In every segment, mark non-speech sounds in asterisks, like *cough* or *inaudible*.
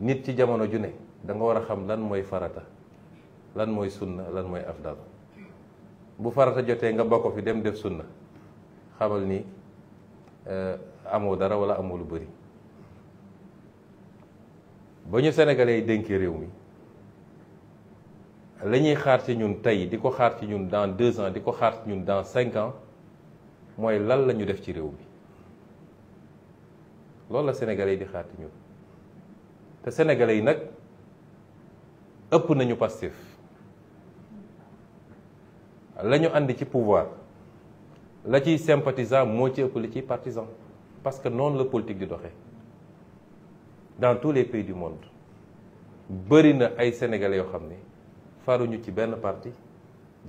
nit ci jamono ju ne da nga war a xam lan mooy farata lan mooy sunna lan mooy afdal bu farata jotee nga bokk fi dem def sun sunna xamal ni eh, amoo dara wala amoo lu bari ba ñu sénégalais yi réew mi la ñuy xaar ci ñun tey di ko xaar ci ñun dans deux ans di ko xaar ci ñun dans cinq ans mooy lan la ñu def ci réew mi. C'est la sénégalais yi di xaar Les sénégalais yi nag ëpp nañu Pastef pouvoir Ils sont sympathisants moitié ci ëpp parce que non la politique di doxee dans tous les pays du monde bëri Sénégalais ay sénégalais yoo xam ne faruñu ci ont parti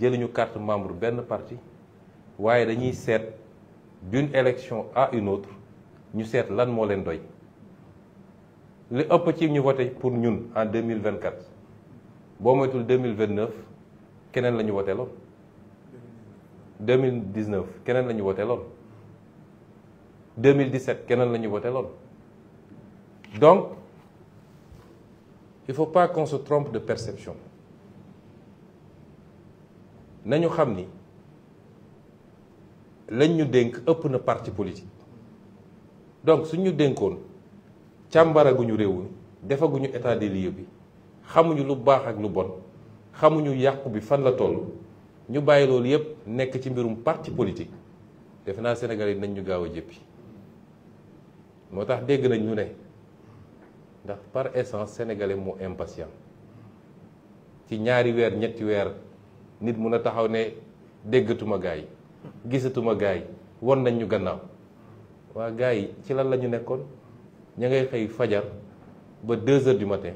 une carte membre benn parti mais dañuy seet d'une élection à une autre ñu seet lan moo leen doy li ëpp ci ñu voté pour nous en 2024 boo en 2029 keneen la voté wote lool 2019 keneen la voté wote lool 2017 keneen la voté lool donc il ne faut pas qu'on se trompe de perception nañu savons que... lañ ñu dénk ëpp na parti politique donc suñu dénkoon càmbaraguñu réew defa defaguñu état des lieux bi xamuñu lu baax ak lu bon xamuñu yàqu bi fan la toll ñu bàyyi loolu yépp ci mbirum parti politique defe naa nañ ñu gaaw jëppi dégg nañ ñu ndax par essence sénégalais mo impatient ci ñaari weer ñetti weer nit mun a taxaw ne déggatuma gaay gisatuma gaay won nañ ñu gannaaw waa gars yi ci lan la ñu nekkoon ña ngay xëy fajar ba 2 heures du matin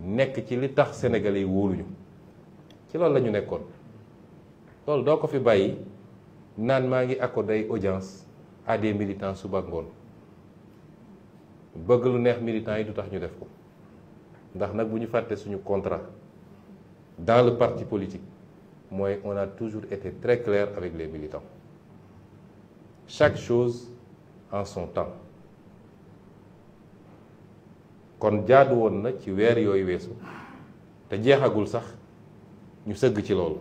nekk ci li tax sénégalais yi wóoluñu ci loolu la ñu nekkoon loolu doo ko fi bàyyi naan maa ngi accordé audience à des militants suba ngoon bëgg lu neex militants yi du tax ñu def ko ndax nag bu ñu fàtte suñu contrat dans le parti politique mooy on a toujours été très clair avec les militants chaque chose en son temps kon jaadu wonna ci wèr yoy wessu te jeexagul sax ñu sëgg ci lool.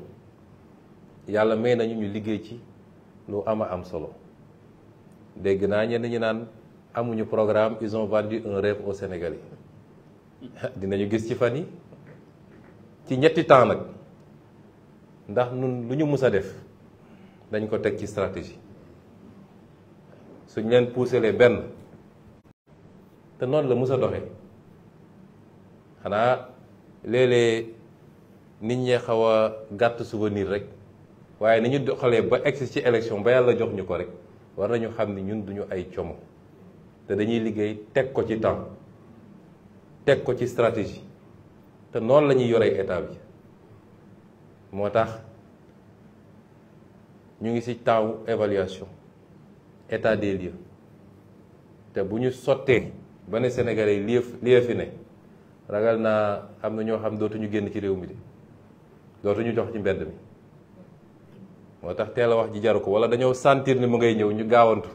Yalla may nañu ñu liggé ci lu ama am solo dégg na ñen ñi naan amuñu programme ils ont vendu un rêve au Sénégalais *laughs* dinañu gis ci fani ci ñetti temps nak ndax ñun luñu ñu def dañ ko tek ci stratégie suñ leen les ben te non la mës a doxee xanaa léeg-léeg nit ñee xaw a souvenir rek waye ni ñu doxalee ba egsi ci élection ba yalla jox ñuko rek war nañu xamni ñun duñu ay como te dañuy liggéey tek ko ci temps tek ko ci stratégie te non lañuy yoré état bi motax ñu ngi ci temps évaluation état des lieux te bu ñu sottee ba Sénégalais fi ragal na ñoo xam dootuñu génn ci réew mi de dootuñu jox ci mbedd mi moo tax wax ji jaru wala dañoo sentir ni mu ngay ñëw ñu gaawantu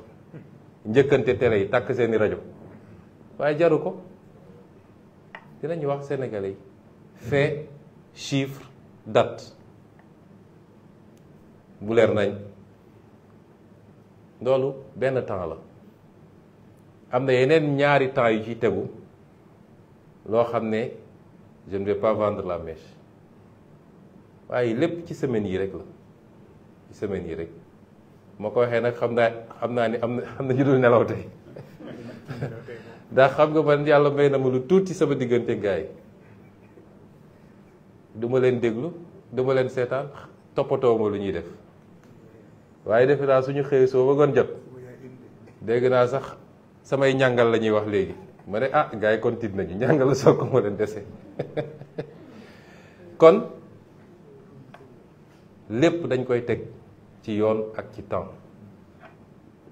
njëkkante télé yi takk seeni rajo waaye jaru dinañu wax Sénégalais fait chiffre date bu nañ loolu benn temps la am na yeneen ñaari temps yu ci tegu loo xam ne je ne vais pas vendre la mèche waaye lépp ci semaine yi rek la ci semaine yi rek moo ko waxee nag xam naa xam naa ni am na am na ñu dul nelaw tey ndax xam nga man yàlla may na ma lu tuuti sama diggante gaay yi du leen déglu duma leen seetaan toppatoo ma lu ñuy def waaye defe naa suñu xëy soo bëggoon jot dégg naa sax samay njàngal la ñuy wax léegi ma ne ah gars kon tiit nañu njàngal soo ko moo leen dese *laughs* kon lépp dañ koy teg ci yoon ak ci temps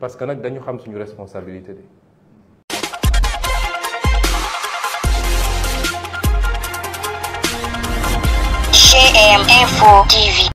parce que nag dañu xam suñu responsabilité de GM Info TV